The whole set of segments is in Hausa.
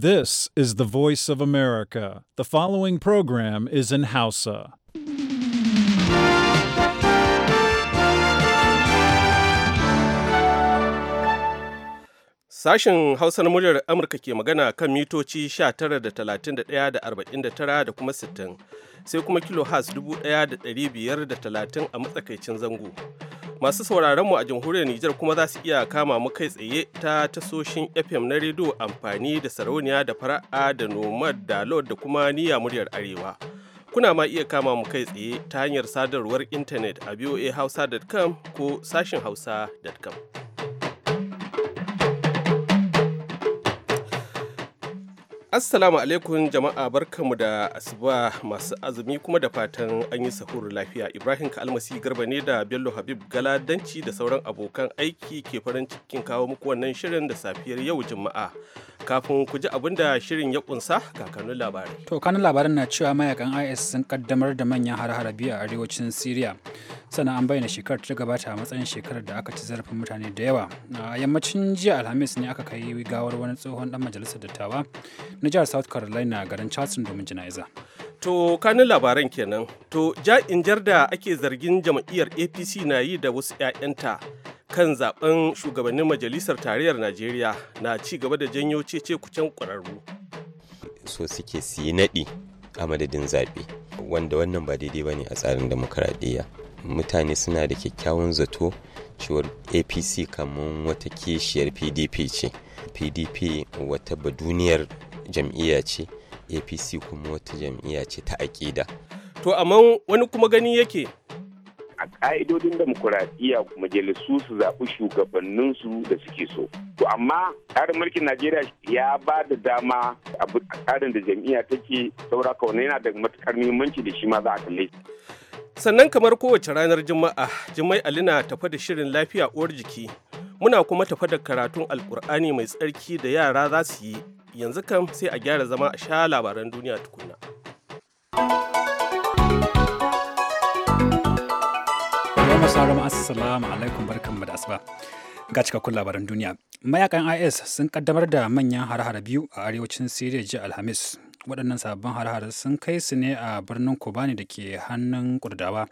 This is the voice of America. The following program is in Hausa. Sashen Hausa na muryar Amurka ke magana kan mitoci 19 da 31 da 49 da kuma 60 sai kuma kilo has 1530 a matsakaicin zango. Masu sauraron mu a jamhuriyar Nijar kuma za su iya kama mu kai tsaye ta tasoshin FM na rediyo amfani da sarauniya da fara'a da nomad da lord da kuma niyya muryar arewa. Kuna ma iya kama mu kai tsaye ta hanyar sadarwar intanet a voahausa.com ko sashin hausa.com. Assalamu alaikum jama'a barkanmu da asuba masu azumi kuma da fatan an yi sahuru lafiya. Ibrahim Kalmasi Garba ne da Bello Habib Galadanci da sauran abokan aiki ke farin cikin kawo muku wannan shirin da safiyar yau Juma'a. kafin ku ji abin da shirin ya kunsa kakannin labarai. To kanin labarin na cewa mayakan IS sun kaddamar da manyan har-hara biyu a arewacin Syria. Sannan an bayyana shekarar ta gabata a matsayin shekarar da aka ci zarafin mutane da yawa. A yammacin jiya Alhamis ne aka kai gawar wani tsohon dan majalisar dattawa na jihar South Carolina garin Charleston domin jana'iza. To kanin labaran kenan. To ja injar da ake zargin jam'iyyar APC na yi da wasu 'ya'yanta kan zaben shugabannin majalisar tarayyar najeriya na ci gaba da janyo cece kucen ƙwararru so suke siyi naɗi a madadin zaɓe wanda wannan ba daidai ba ne a tsarin demokuraɗiyya mutane suna da kyakkyawan zato cewar apc kamar wata kishiyar pdp ce pdp wata duniyar jam'iyya ce apc kuma wata jam'iyya ce ta aƙida to amma wani kuma gani yake a ƙa'idodin demokuraɗiyya majalisu su zaɓi shugabanninsu da suke so. To amma tsarin mulkin Najeriya ya ba da dama a tsarin da jam'iyya take saura kawai yana da matuƙar muhimmanci da shi ma za a kalle. Sannan kamar kowace ranar Juma'a, Jumai Alina tafa da shirin lafiya uwar jiki. Muna kuma tafa da karatun Alƙur'ani mai tsarki da yara za su yi. Yanzu kam sai a gyara zama a sha labaran duniya tukuna. Assalamu alaikum barkanmu da asuba. Ga cikakkun labaran duniya. Mayakan IS sun kaddamar da manyan har hare biyu a arewacin Siriya jiya Alhamis. Waɗannan sabbin har hare sun kai su ne a birnin Kobani da ke hannun Kurdawa.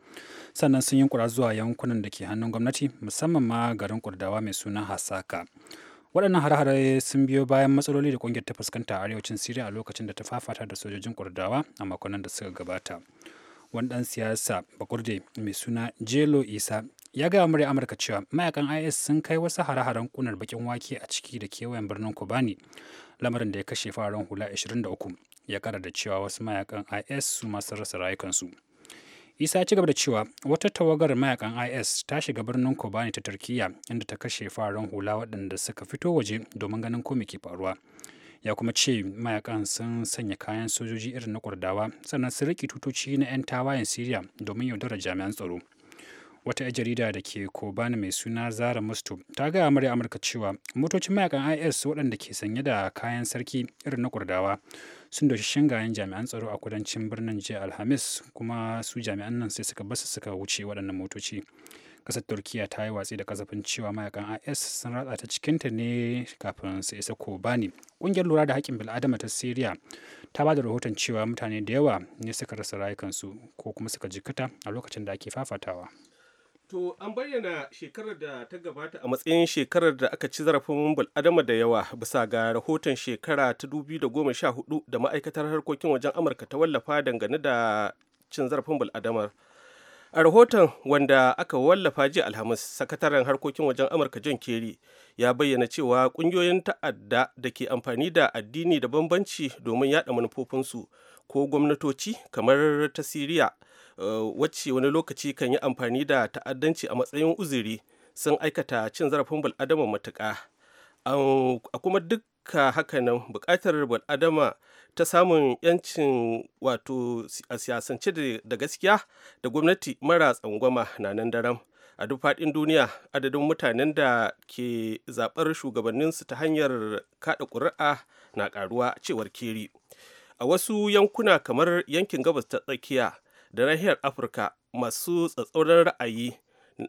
Sannan sun yi kura zuwa yankunan da ke hannun gwamnati musamman ma garin Kurdawa mai suna Hasaka. waɗannan har hare sun biyo bayan matsaloli da ƙungiyar ta fuskanta a arewacin siriya a lokacin da ta fafata da sojojin kurdawa a makonnan da suka gabata wani ɗan siyasa bakurde mai suna jelo isa ya gaya murya amurka cewa mayakan is sun kai wasu hare-haren kunar bakin wake a ciki da kewayen birnin kobani lamarin da ya kashe fararen hula 23 ya kara da cewa wasu mayakan is su masu rasa rayukansu isa ya ci gaba da cewa wata tawagar mayakan is ta shiga birnin kobani ta turkiya inda ta kashe fararen hula waɗanda suka fito waje domin ganin ko ke faruwa ya kuma ce mayakan sun sanya kayan sojoji irin na kwardawa sannan sun riƙe tutoci na 'yan tawayen siriya domin yaudarar jami'an tsaro wata 'yar jarida da ke Kobani mai suna Zara Musto ta gaya murya Amurka cewa motocin mayakan IS waɗanda ke sanye da kayan sarki irin na Kurdawa sun doshi shingayen jami'an tsaro a kudancin birnin jiya Alhamis kuma su jami'an nan sai suka basu suka wuce waɗannan motoci. Ƙasar Turkiya ta yi watsi da kasafin cewa mayakan IS sun ratsa ta cikinta ne kafin su isa Kobani. Ƙungiyar lura da haƙƙin bil'adama ta Siriya ta ba da rahoton cewa mutane da yawa ne suka rasa rayukansu ko kuma suka jikata a lokacin da ake fafatawa. To an bayyana shekarar da ta gabata a matsayin shekarar da aka ci zarafin bul'adama da yawa bisa ga rahoton shekara ta 2014 da ma'aikatar harkokin wajen Amurka ta wallafa dangane da cin zarafin bul'adamar. A rahoton wanda aka wallafa jiya Alhamis, sakataren harkokin wajen Amurka John Kerry ya bayyana cewa ƙungiyoyin ta'adda da ke amfani da addini da bambanci domin yaɗa manufofinsu ko gwamnatoci kamar ta Siriya Eh, wacce wani lokaci kan yi amfani da ta'addanci a matsayin uzuri sun aikata cin zarafin bal'adama matuka? a kuma dukka hakanan buƙatar bal'adama ta samun yancin wato a siyasance da gaskiya da gwamnati mara tsangwama na nan daram a duk faɗin duniya adadin mutanen da ke zaɓar shugabanninsu ta hanyar kaɗa ƙuri'a na ƙaruwa cewar keri a wasu yankuna kamar yankin gabas ta tsakiya da nahiyar afirka masu tsatsauran ra'ayi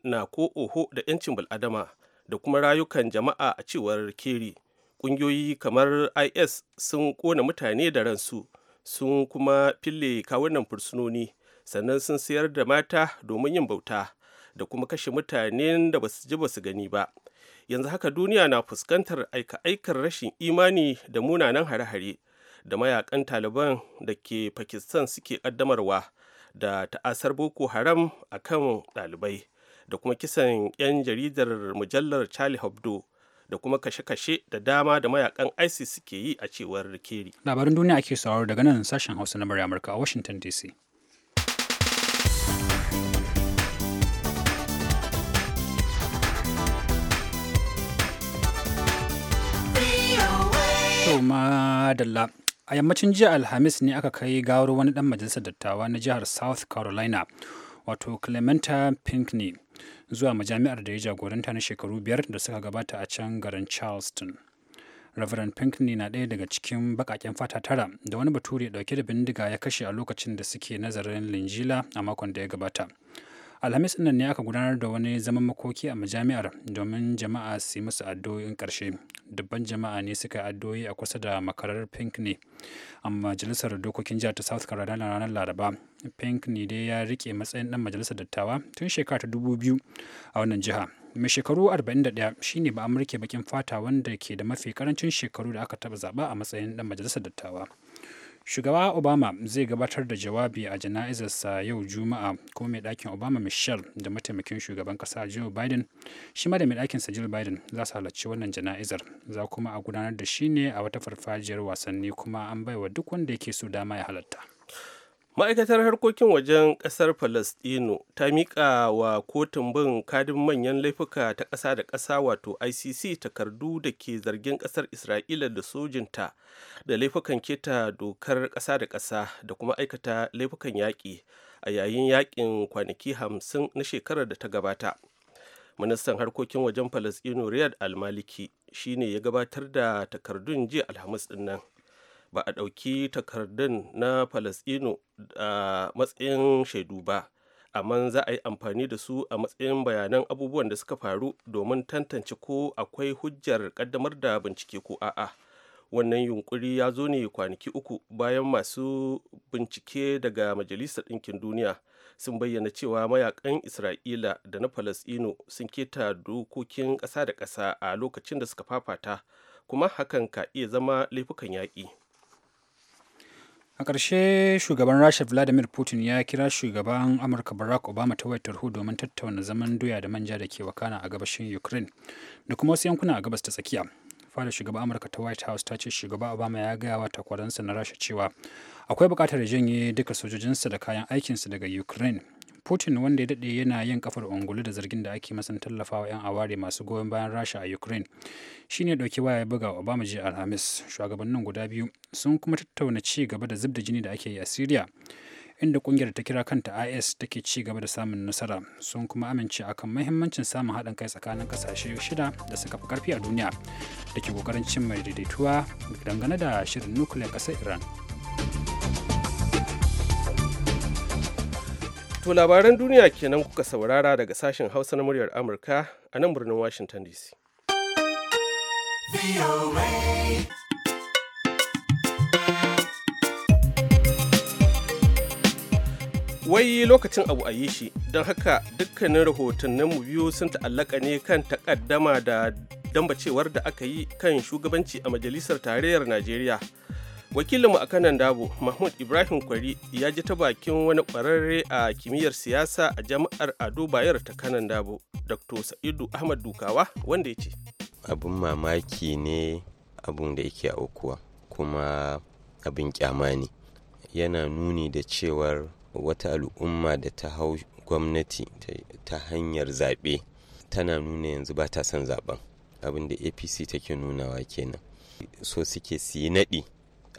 na ko oho da 'yancin bil'adama da kuma rayukan jama'a a cewar keri ƙungiyoyi kamar is sun kona mutane da ransu sun kuma fille kawunan fursunoni sannan sun sayar da mata domin yin bauta da kuma kashe mutanen da basu ji basu gani ba yanzu haka duniya na fuskantar aika-aikar rashin imani da munanan hare-hare da mayakan taliban da ke pakistan suke ƙaddamarwa da ta'asar boko haram a kan ɗalibai da kuma kisan 'yan jaridar mujallar charlie hebdo da kuma kashe-kashe da dama da mayakan isis suke yi a cewar keri labarin duniya ake sauraro daga nan sashen hausa na murya amurka a washington dc Madalla a yammacin jiya alhamis ne aka kai gawar wani dan majalisar dattawa na jihar south carolina wato clementa pinkney zuwa majami'ar da ya jagoranta na shekaru biyar da suka gabata a can garin charleston Reverend Pinkney na ɗaya daga cikin baƙaƙen fata tara da wani bature ɗauke da bindiga ya kashe a lokacin da suke nazarin linjila a makon da ya gabata. alhamis ɗin ne aka gudanar da wani zaman makoki a majami'ar domin jama'a su yi musu addu'o'in ƙarshe dubban jama'a ne suka yi addu'o'i a kusa da makarar pink ne a majalisar dokokin jihar ta south carolina ranar laraba pink ne dai ya rike matsayin ɗan majalisar dattawa tun shekara ta dubu biyu a wannan jiha mai shekaru da ɗaya shine ba amurke bakin fata wanda ke da mafi karancin shekaru da aka taɓa zaɓa a matsayin ɗan majalisar dattawa shugaba obama zai gabatar da jawabi a jana'izarsa yau juma'a ko mai ɗakin obama michelle da mataimakin shugaban ƙasa joe biden shi ma da mai ɗakinsa jill biden za su halarci wannan jana'izar za kuma a gudanar da shi ne a wata farfajiyar wasanni kuma an baiwa duk wanda yake so dama ya halatta ma'aikatar harkokin wajen ƙasar palestino ta miƙa wa kotun bin kadin manyan laifuka ta ƙasa da ƙasa wato icc takardu da ke zargin ƙasar isra'ila da sojinta da laifukan keta dokar ƙasa da ƙasa da kuma aikata laifukan yaƙi a yayin yaƙin kwanaki hamsin na shekarar da ta gabata ministan harkokin wajen palestino riyad almaliki shine ya gabatar da takardun jiya alhamis dinnan. ba a ɗauki takardun na falasɗinu a matsayin shaidu ba amma za a yi amfani da su a matsayin bayanan abubuwan da suka faru domin tantance ko akwai hujjar ƙaddamar da bincike ko a'a. wannan yunkuri ya zo ne kwanaki uku bayan masu bincike daga majalisar ɗinkin duniya sun bayyana cewa mayakan isra'ila da na falasino sun keta dokokin ƙasa da ƙasa a lokacin da suka fafata kuma hakan ka iya zama laifukan yaƙi a ƙarshe shugaban rasha vladimir putin ya kira shugaban amurka barack obama ta wayar tarho domin tattauna zaman doya da manja da ke wakana a gabashin ukraine da kuma wasu yankuna a gabas ta tsakiya fadar shugaban amurka ta white house ta ce shugaba obama ya gaya wa takwaransa na rasha cewa akwai bukatar janye duka sojojinsa da kayan aikinsa daga ukraine Putin wanda ya daɗe yana yin kafar ungulu da zargin da ake masan tallafawa 'yan aware masu goyon bayan Rasha a Ukraine shi ne ɗauki waya ya buga Obama jiya Alhamis shugabannin guda biyu sun kuma tattauna ci gaba da zub jini da ake yi a Syria inda kungiyar ta kira kanta IS take ci gaba da samun nasara sun kuma amince akan muhimmancin samun haɗin kai tsakanin ƙasashe shida da suka fi ƙarfi a duniya da ke ƙoƙarin cimma daidaituwa dangane da shirin nukiliyar ƙasar Iran. To labaran duniya kenan kuka saurara daga sashen Hausa na muryar Amurka a nan birnin Washington DC. Wai lokacin abu a yi shi, don haka dukkanin rahotanninmu biyu sun ta'allaka ne kan takaddama da dambacewar da aka yi kan shugabanci a Majalisar Tarayyar Najeriya. wakilinmu a kanan dabo mahmud ibrahim kwari ya ji ta bakin wani kwararre a kimiyyar siyasa a jami'ar ado bayar ta kanan dabo dr sa'idu ahmad dukawa wanda ya ce abin mamaki ne abin da yake aukuwa kuma abin kyama ne yana nuni da cewar wata al'umma da ta hau gwamnati ta hanyar zaɓe tana nuna yanzu ba ta son zaɓen abin da apc take nunawa kenan so suke su yi naɗi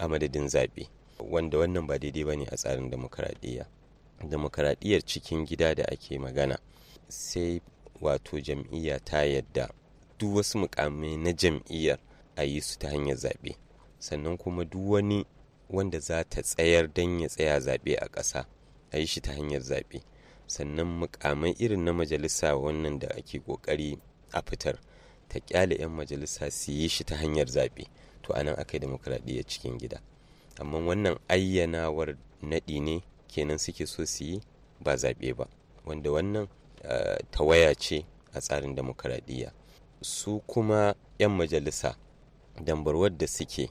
a madadin zaɓe wanda wannan ba daidai ba ne a tsarin demokaradiyya demokaradiyyar cikin gida da ake magana sai wato jam'iyya ta yadda duk wasu mukamai na jam'iyyar a yi su ta hanyar zaɓe sannan kuma duk wani wanda za ta tsayar don ya tsaya zaɓe a ƙasa a yi shi ta hanyar zaɓe sannan mukamai irin na majalisa wannan da ake ƙoƙari a fitar ta ƙyale 'yan majalisa su yi shi ta hanyar zaɓe a anan aka yi demokradiyya cikin gida amma wannan ayyanawar naɗi ne kenan suke so su yi ba zaɓe ba wanda wannan eh, tawaya ce a tsarin demokradiyya su kuma 'yan majalisa dambarwar da suke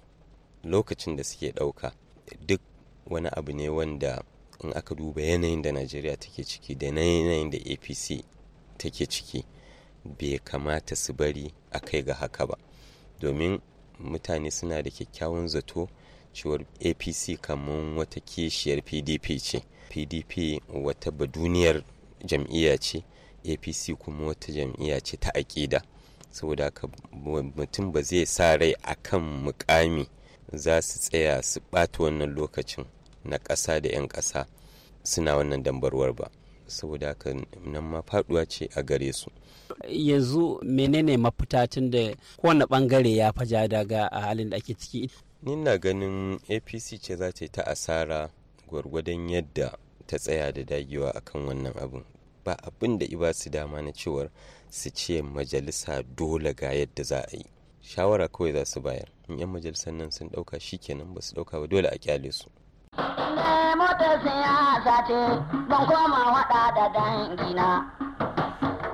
lokacin da suke ɗauka duk wani abu ne wanda in aka duba yanayin da najeriya take ciki da yanayin da apc take ciki bai kamata su bari a kai ga haka ba domin mutane suna da kyakkyawan zato cewar apc kamar wata kishiyar pdp ce pdp wata baduniyar jam'iyya ce apc kuma wata jam'iyya ce ta aƙida saboda haka mutum ba zai sa rai kan mukami za su tsaya su ɓata wannan lokacin na ƙasa da 'yan ƙasa suna wannan dambarwar ba saboda haka nan ma faduwa ce a gare su yanzu menene mafita da kowane bangare ya faja daga a halin da ake ciki ni na ganin apc ce za ta ta asara gwargwadon yadda ta tsaya da dagewa akan wannan abin ba abin da iba su dama na cewar su ce majalisa dole ga yadda za a yi shawara kawai za su bayar in 'yan majalisar nan sun dauka shikenan ba su dauka ba dole a kyale su motar siyasa ce ban koma waɗa da dangina.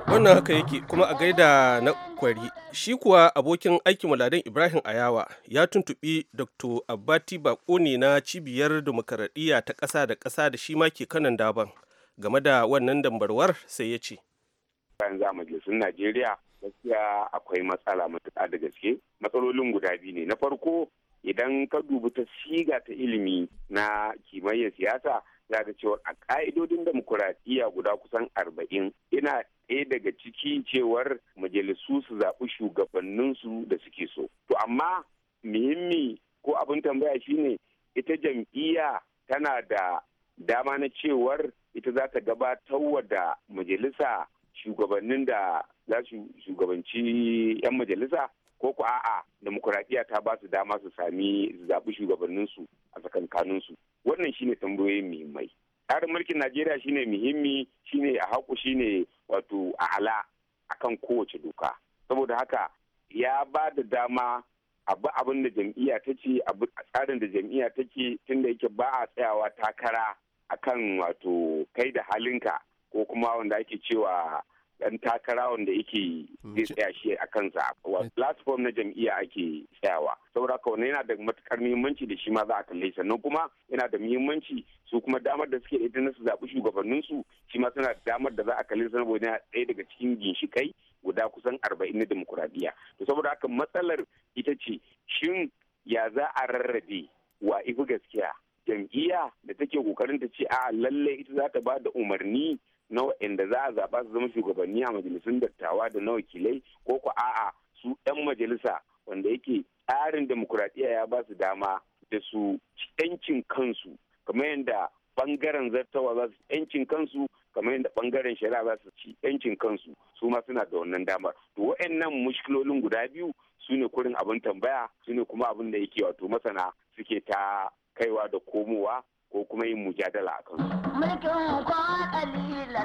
Wannan haka yake kuma a gaida na kwari shi kuwa abokin aikin waladan Ibrahim Ayawa ya tuntuɓi Dr. Abbati Bako ne na cibiyar demokaradiyya ta ƙasa da ƙasa da shi ma ke kanan daban game da wannan dambarwar sai ya ce. Bayan za majalisun Najeriya gaskiya akwai matsala matuƙa da gaske matsalolin guda biyu ne na farko idan ka dubi ta siga ta ilimi na kimayyar siyasa za ka cewar a ka'idodin demokuraɗiyya guda kusan arba'in ina ɗaya daga ciki cewar majalisu su zaɓi shugabanninsu da suke so to amma muhimmi ko abin tambaya shine ita jam'iyya tana da dama na cewar ita za ta gabatarwa da majalisa shugabannin da za su shugabanci 'yan majalisa ko ku a'a demokuraɗiyya ta ba su dama su sami zaɓi shugabanninsu a tsakankaninsu wannan shine tambayoyin muhimmai tsarin mulkin najeriya shine muhimmi shine a haƙu shine wato a ala akan kowace doka saboda haka ya ba da dama a bi abin da jam'iyya ta ce a tsarin da jam'iyya ta ce tun tunda yake ba a tsayawa takara akan wato kai da halinka ko kuma wanda ake cewa dan takara wanda yake zai mm. tsaya shi a kansa wa platform mm. na jam'iyya ake tsayawa saboda haka wannan yana da matukar muhimmanci da shi ma za a kalle sannan kuma yana da muhimmanci su kuma damar da suke da ita na su zaɓi shugabannin su shi ma suna damar da za a kalle saboda ɗaya daga cikin ginshikai guda kusan arba'in na demokuraɗiyya to saboda haka matsalar ita ce shin ya za a rarrabe wa ifi gaskiya jam'iyya da take kokarin ta ce a lallai ita za ta ba da umarni na waɗanda za a zaɓa su zama shugabanni a majalisun dattawa da na wakilai ko ku a'a su 'yan majalisa wanda yake tsarin demokuraɗiyya ya ba su dama da su yancin kansu kamar yadda ɓangaren zartawa za su yancin kansu kamar yadda ɓangaren shari'a za su ci yancin kansu su ma suna da wannan damar to wa'annan mushkilolin guda biyu su ne kurin abin tambaya su ne kuma abin da yake wato masana suke ta kaiwa da komowa ko kuma yin mujadala a kansu. Mulkin ne,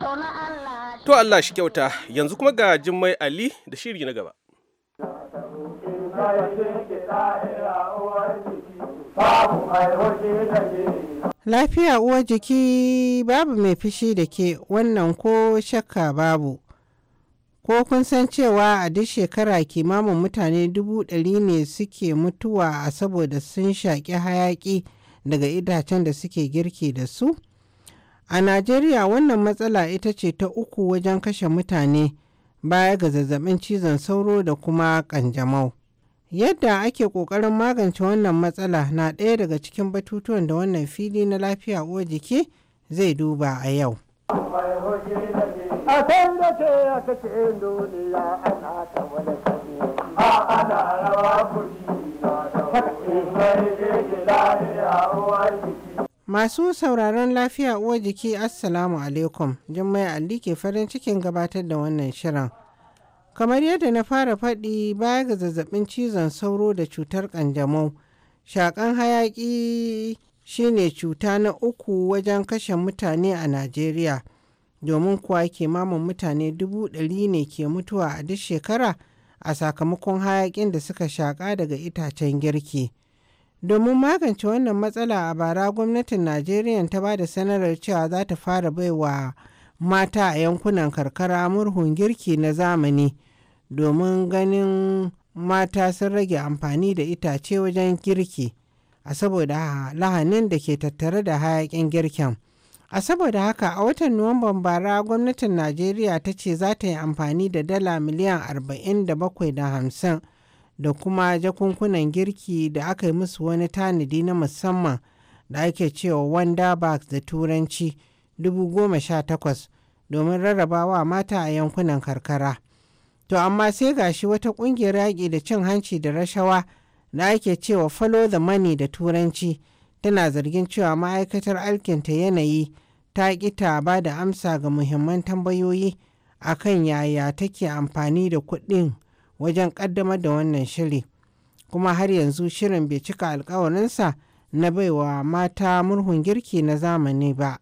to Allah. To Allah shi kyauta, yanzu kuma ga Jummai Ali da shiri na gaba. Lafiya uwar jiki babu mai fishi da ke wannan ko shakka babu. Ko kun san cewa a duk shekara kimanin mutane dubu ɗari ne suke mutuwa a saboda sun shaƙi hayaƙi. daga itacen da suke girki da su? A Najeriya wannan matsala ita ce ta uku wajen kashe mutane baya ga zazzabin cizon sauro da kuma ƙanjamau. Yadda ake ƙoƙarin magance wannan matsala na ɗaya daga cikin batutuwan da wannan fili na lafiya uwa jiki zai duba a yau. A Masu sauraron lafiya uwa jiki Assalamu alaikum, Jummai alli ke farin cikin gabatar da wannan shirin. Kamar yadda na fara faɗi baya ga zazzabin cizon sauro da cutar ƙanjamau, shaƙan hayaƙi shine cuta na uku wajen kashe mutane a Najeriya, domin kuwa ke mamun mutane dubu ɗari ne ke mutuwa a duk shekara a sakamakon hayaƙin da suka shaƙa daga itacen girki. Domin magance wannan matsala a bara gwamnatin Najeriya ta ba da sanarar cewa za ta fara baiwa mata a yankunan karkara murhun girki na zamani domin ganin mata sun rage amfani da itace wajen girki a saboda lahanin da ke tattare da hayaƙin girken. A saboda haka a watan Nuwamban bara gwamnatin Najeriya ta ce za ta yi amfani da dala miliyan 47.50 da kuma jakunkunan girki da aka yi musu wani tanadi na musamman da ake cewa wanda bags da turanci 18,000 domin rarrabawa mata a yankunan karkara. To amma sai gashi wata ƙungiyar yaƙi da cin hanci da rashawa da ake cewa follow the money da turanci. tana zargin cewa ma'aikatar alkinta yanayi ta ƙi ta ba da amsa ga muhimman tambayoyi a kan yaya take amfani da kuɗin wajen ƙaddamar da wannan shiri kuma har yanzu shirin bai cika alkawarinsa na baiwa mata murhun girki na zamani ba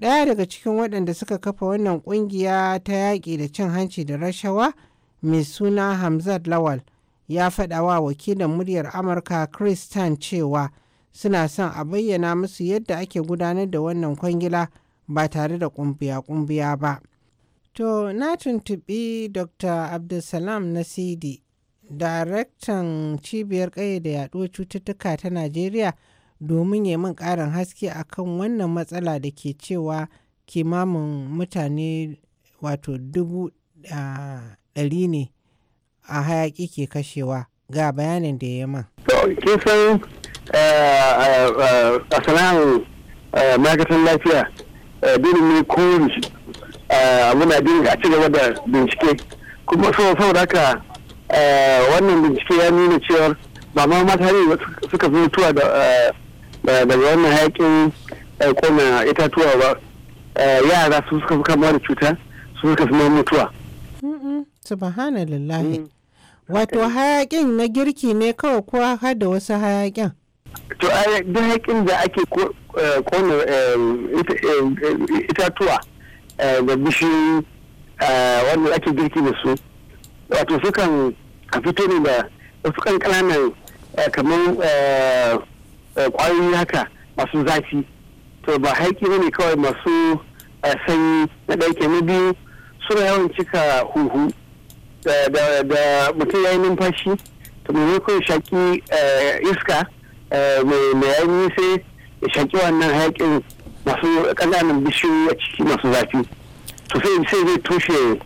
ɗaya daga cikin waɗanda suka kafa wannan ƙungiya ta yaƙi da cin hanci da rashawa mai suna hamzat lawal ya faɗawa wakilin muryar amurka kristan cewa suna son a bayyana musu yadda ake gudanar da wannan kwangila ba tare da kumbiya-kumbiya ba. To, na tuntubi Dr. Abdulsalam Nasidi, daraktan cibiyar ƙaya da yaɗuwar cututtuka ta Najeriya domin ya min ƙarin haske a kan wannan matsala da ke cewa kimamin mutane wato dubu ɗari ne a hayaƙi ke kashewa ga bayanin da ya man. kin Eh, eh, eh, a sana'ar ma'aikatan lafiya dole ne kori muna dinga a cigaba da bincike kuma da aka wannan bincike ya nuna cewar ba ma mata ne suka fi mutuwa daga wannan hayakin kona itatuwa ba yara su suka fi kamar da cuta su suka fi mutuwa. subhanallah mm. wato hayakin na girki ne kawai kuwa har da wasu hayakin to a haƙin da ake eh, kone eh, eh, itatuwa da bishiyoyi wanda ake girki da su wato sukan a fito ne da wasu kan kamar kwayoyi haka masu zafi to ba haƙi ne kawai masu sanyi na ɗauke na biyu suna yawan cika huhu da mutum ya yi numfashi to maimakon shaƙi iska Eh, mai bayani sai ya shaki wannan hayakin masu ƙananan bishiyoyi a ciki masu zafi to sai zai tushe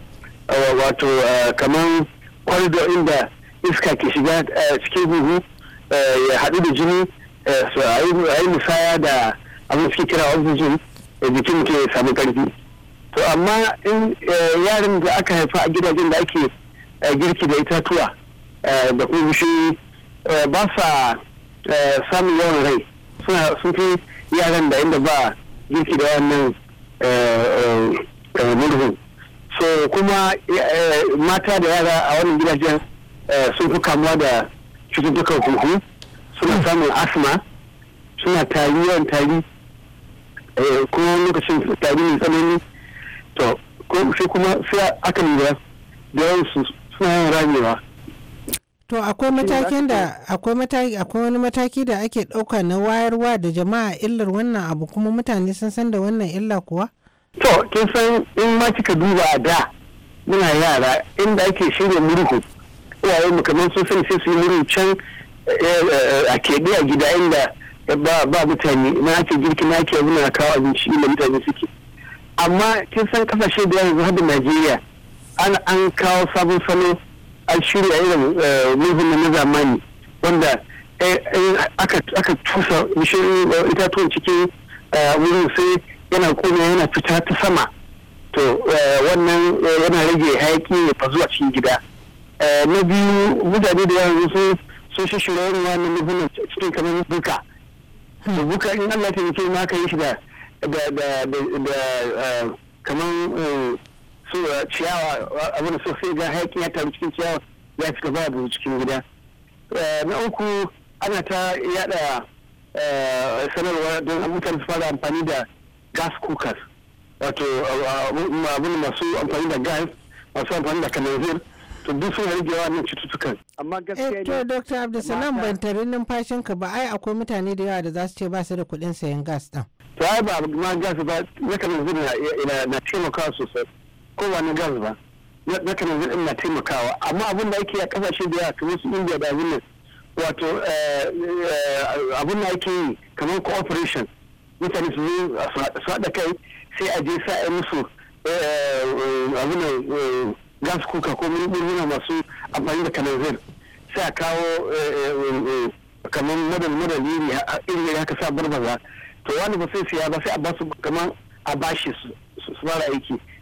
eh, wato eh, kamar kwaldo inda iska ke shiga cikin huhu ya haɗu da jini su a yi musaya da abin suke kira oxygen jikin ke samu ƙarfi to amma in yaran da aka haifa a gidajen da ake girki da itatuwa da kuma bishiyoyi ba sa Eh, samun yawan rai sun fi yaran da inda ba girki da wannan eh, eh, murhun so kuma mata da yara a wannan gidajen sun fi kamuwa da cututtukan huhu suna samun asma suna tari yawan tari ko lokacin tari mai tsanani to sai kuma sai aka lura da yawan su suna yin ramewa To akwai matakin da akwai mataki akwai wani mataki da ake ɗauka na wayarwa da jama'a illar wannan abu kuma mutane sun san da wannan illa kuwa? To kin san in ma kika duba a da muna yara inda ake shirya murhu iyaye mu kamar sun sani sai su yi murhu can eh, eh, a keɓe a gida inda ba mutane na ake girki na ake da kawo abinci inda mutane suke. Amma kin san kasashe da yanzu har da Najeriya an kawo sabon salo an shirya irin eh, mulkin na zamani wanda eh, aka tusa eh, itatuwan cikin wurin sai yana koma yana fita ta sama to wannan yana rage hayaki ya fa zuwa cikin gida na biyu mutane da yawa sun sun shi shirya wani wani mulkin cikin kamar buka buka in Allah ta yi ma ka yi shi da kamar da ciyawa abin da sosai ga hayakin ya taru cikin ciyawa ya cika ba da cikin gida na uku ana ta yada sanarwa don mutane su fara amfani da gas cookers wato abin masu amfani da gas masu amfani da kanazir to duk sun rage nan cututtukan amma gaskiya to eh, dr abdulsalam ban tare numfashin ka ba ai akwai mutane da yawa da za su ce ba su da kuɗin sayan gas din to ai ba ma gas ba na kanazir na taimakawa sosai ko ba na gas ba na kanazin ina taimakawa amma abin da ake a kasashe da yawa kamar su india da abin nan wato eh, eh, abin da ake yi kamar cooperation mutane su su haɗa kai sai a je sa a musu eh, abin da gas kuka ko murmuna masu amfani da kanazin sai a kawo kamar madal madal iri iri haka sa barbaza to wani ba sai siya ba sai a basu kamar a bashi su fara aiki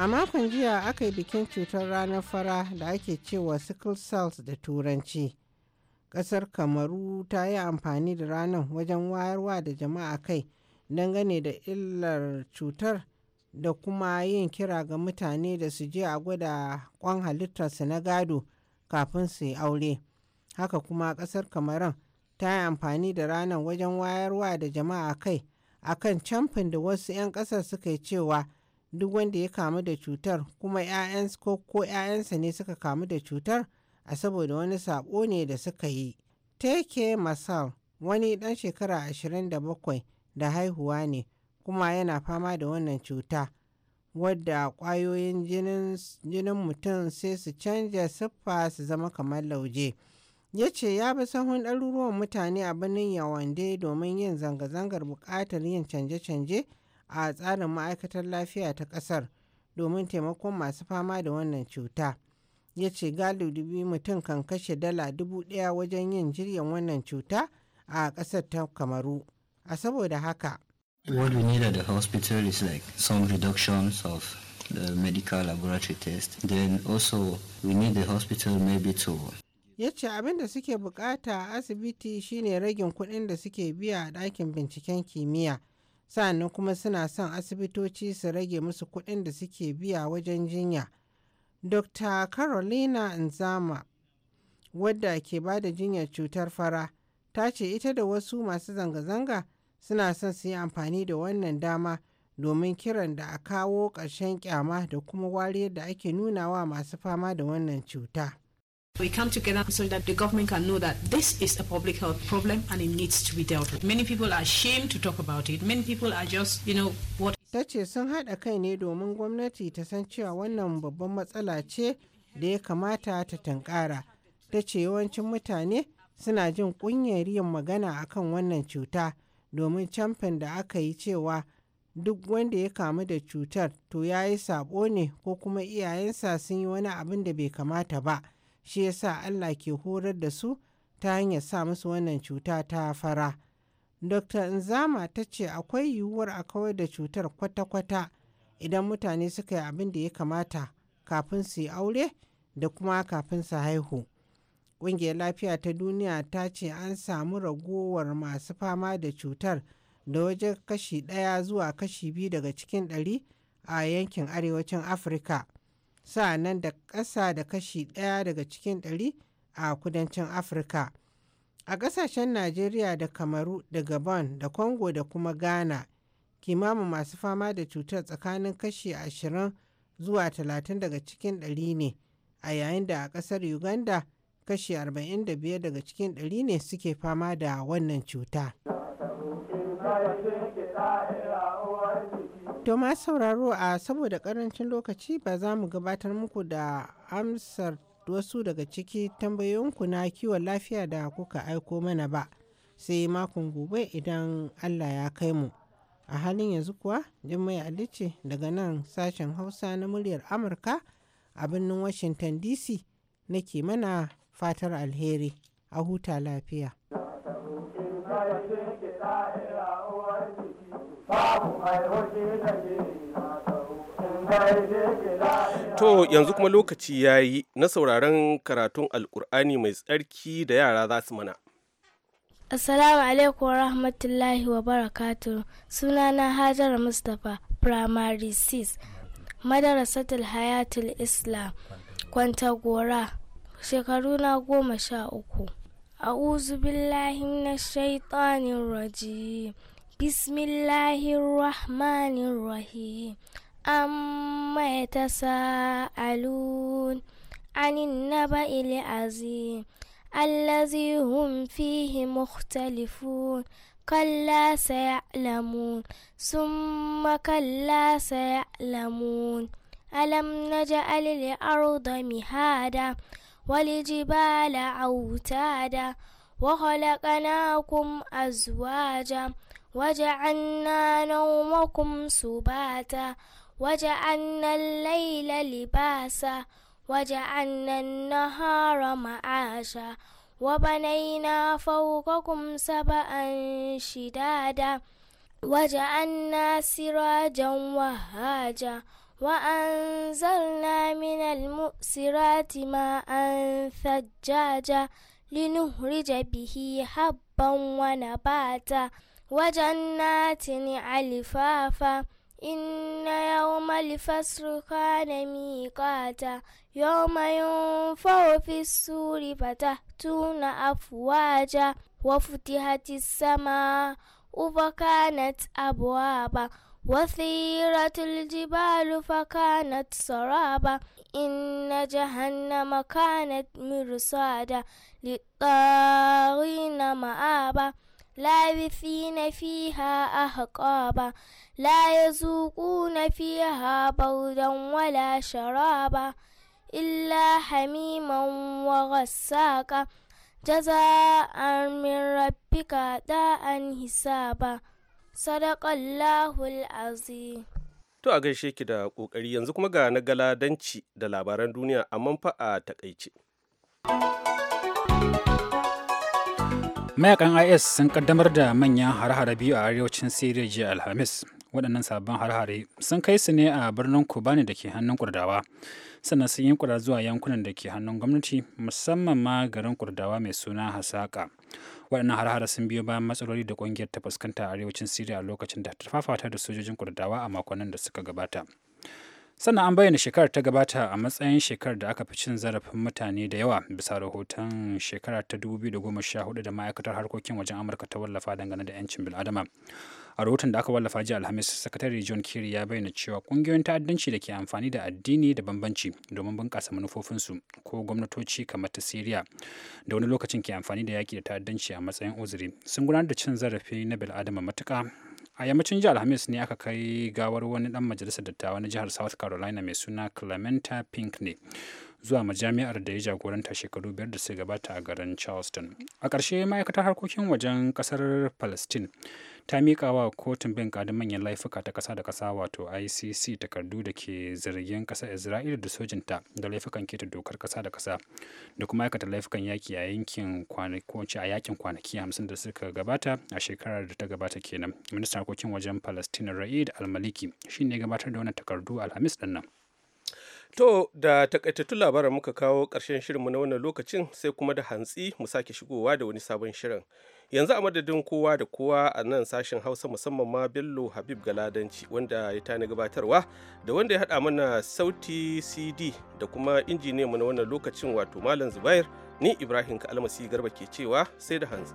A makon jiya aka yi bikin cutar ranar fara da ake cewa sickle cells da turanci. Ƙasar Kamaru ta yi amfani da ranar wajen wayarwa da jama'a kai dangane da illar cutar da kuma yin kira ga mutane da su je a gwada kwan halittarsu na gado kafin su yi aure. Haka kuma ƙasar Kamaran ta yi amfani da ranar wajen wayarwa da jama'a kai akan camfin da wasu 'yan ƙasar suka yi cewa duk wanda ya kamu da cutar kuma 'ya'yansu ko ko 'ya'yansa ne suka kamu da cutar a saboda wani sabo ne da suka yi take masal wani dan shekara 27 da haihuwa ne kuma yana fama da wannan cuta wadda kwayoyin jinin mutum sai su canja siffa su zama kamar lauje ya ce ya bi sahun ɗaruruwan mutane a birnin yawande domin yin zanga-zangar buƙatar yin canje-canje a tsarin ma'aikatar lafiya ta ƙasar domin taimakon masu fama da wannan cuta ya ce galibi mutum kan kashe dala dubu ɗaya wajen yin jiryan wannan cuta a ƙasar ta kamaru a saboda haka what we need at the hospital is like some reductions of the medical laboratory test then also we need the hospital maybe to ya ce abin da suke bukata a asibiti shine ragin kuɗin da suke biya a ɗakin binciken kimiyya sa'annan kuma suna son asibitoci su rage musu kuɗin da suke biya wajen jinya dr carolina nzama wadda ke ba da jinyar cutar fara ta ce ita da wasu masu zanga-zanga suna son su yi amfani da wannan dama domin kiran da a kawo ƙarshen kyama da kuma wariyar da ake nunawa masu fama da wannan cuta. We come together so that the government can know that this is a public health problem and it needs to be dealt with. Many people are ashamed to talk about it. Many people are just, you know, what. Ta ce sun haɗa kai ne domin gwamnati ta san cewa wannan babban matsala ce da ya kamata ta tankara. Ta ce yawancin mutane suna jin kunyar yin magana akan wannan cuta domin camfin da aka yi cewa duk wanda ya kamu da cutar to ya yi sabo ne ko kuma iyayensa sun yi wani abin da bai kamata ba. shi sa Allah ke horar da su ta hanyar sa musu wannan cuta ta fara. Dr. Nzama ta ce akwai yiwuwar a kawar da cutar kwata-kwata idan mutane suka yi abin da ya kamata kafin su yi aure da kuma kafin su haihu. Ƙungiyar lafiya ta duniya ta ce an samu ragowar masu fama da cutar da waje kashi ɗaya zuwa kashi biyu daga cikin ɗari a yankin arewacin Afirka. nan da ƙasa da kashi ɗaya daga cikin ɗari a kudancin afirka a ƙasashen najeriya da kamaru da gabon da congo da kuma ghana kimamin masu fama da cutar tsakanin kashi ashirin zuwa talatin daga cikin ɗari ne a yayin da a ƙasar uganda kashi arba'in da biyar daga cikin ɗari ne suke fama da wannan cuta. To ma sauraro a saboda karancin lokaci ba za mu gabatar muku da amsar wasu daga ciki tambayoyinku na kiwon lafiya da kuka aiko mana ba sai makon gobe idan Allah ya kai mu. A halin yanzu kuwa Jummai Ali ce daga nan sashen Hausa na muryar Amurka a birnin Washington DC nake mana fatar alheri a huta lafiya. To yanzu kuma lokaci ya yi na sauraron karatun Alƙur'ani mai tsarki da yara za su mana. Assalamu alaikum wa rahmatullahi wa barakatu sunana Hajar Mustapha Primary 6 Madarasatul Hayatul Islam Kwantagora shekaru na goma sha uku. A'uzu billahi na shaitanin rajim. بسم الله الرحمن الرحيم أما يتساءلون عن النبأ العظيم الذي هم فيه مختلفون كلا سيعلمون ثم كلا سيعلمون ألم نجعل الأرض مهادا ولجبال أوتادا وخلقناكم أزواجا وجعلنا نومكم سباتا وجعلنا الليل لباسا وجعلنا النهار معاشا وبنينا فوقكم سبأ شدادا وجعلنا سراجا وهاجا وأنزلنا من المؤسرات ماء ثجاجا لنهرج به حبا ونباتا وجنات علفافا إن يوم الفصل كان ميقاتا يوم ينفع في السور فتأتون أفواجا وفتحت السماء فكانت أبوابا وثيرت الجبال فكانت سرابا إن جهنم كانت مرصادا للطاغين مآبا labi fi a haƙaba ba la ya zuƙu na fiha baudan wala shara illa hamiman wa gasa ka rabbi ka an hisa ba sadakar to a gaishe ki da ƙoƙari yanzu kuma ga na galadanci da labaran duniya amma fa a takaice mayakan is sun kaddamar da manyan hare biyu a arewacin syria jiya alhamis waɗannan sabbin harhare sun kai su ne a birnin kobani da ke hannun kurdawa sannan sun yi kura zuwa yankunan da ke hannun gwamnati musamman ma garin kurdawa mai suna hasaka waɗannan harhare sun biyo bayan matsaloli da ƙungiyar ta fuskanta a arewacin syria a lokacin da ta fafata da sojojin kurdawa a makonnin da suka gabata sannan an bayyana shekarar ta gabata a matsayin shekarar da aka fi cin zarafin mutane da yawa bisa rahoton shekarar ta 2014 da ma'aikatar harkokin wajen amurka ta wallafa dangane da 'yancin bil'adama a rahoton da aka wallafa ji alhamis sakatare john kerry ya bayyana cewa kungiyoyin ta'addanci da ke amfani da addini da bambanci domin bunƙasa manufofinsu ko gwamnatoci kamar ta syria da wani lokacin ke amfani da yaƙi da ta'addanci a matsayin uzuri sun gudanar da cin zarafi na bil'adama matuƙa a yammacin jihar alhamis ne aka kai gawar wani dan majalisar dattawa na jihar south carolina mai suna clementa pink zuwa majami'ar da ya jagoranta shekaru biyar da su gabata a garin charleston a ƙarshe ma'aikatar harkokin wajen ƙasar palestine ta miƙa wa kotun bin ƙadin manyan laifuka ta ƙasa da ƙasa wato icc takardu da ke zargin ƙasar isra'ila da sojinta da laifukan keta dokar ƙasa da ƙasa da kuma aikata laifukan yaƙi a yankin kwanaki a yakin kwanaki hamsin da suka gabata a shekarar da ta gabata kenan ministan harkokin wajen palestine ra'id al-maliki shine gabatar da wannan takardu alhamis dinnan. To da takaitattun labaran muka kawo ƙarshen shirinmu na wannan lokacin sai kuma da hantsi mu sake shigowa da wani sabon shirin. Yanzu a madadin kowa da kowa a nan sashen Hausa musamman ma Bello Habib Galadanci wanda ya tani gabatarwa da wanda ya haɗa mana sauti CD da kuma mu na wannan lokacin wato Malam Zubair ni Ibrahim Kalmasi Garba ke cewa sai da hantsi.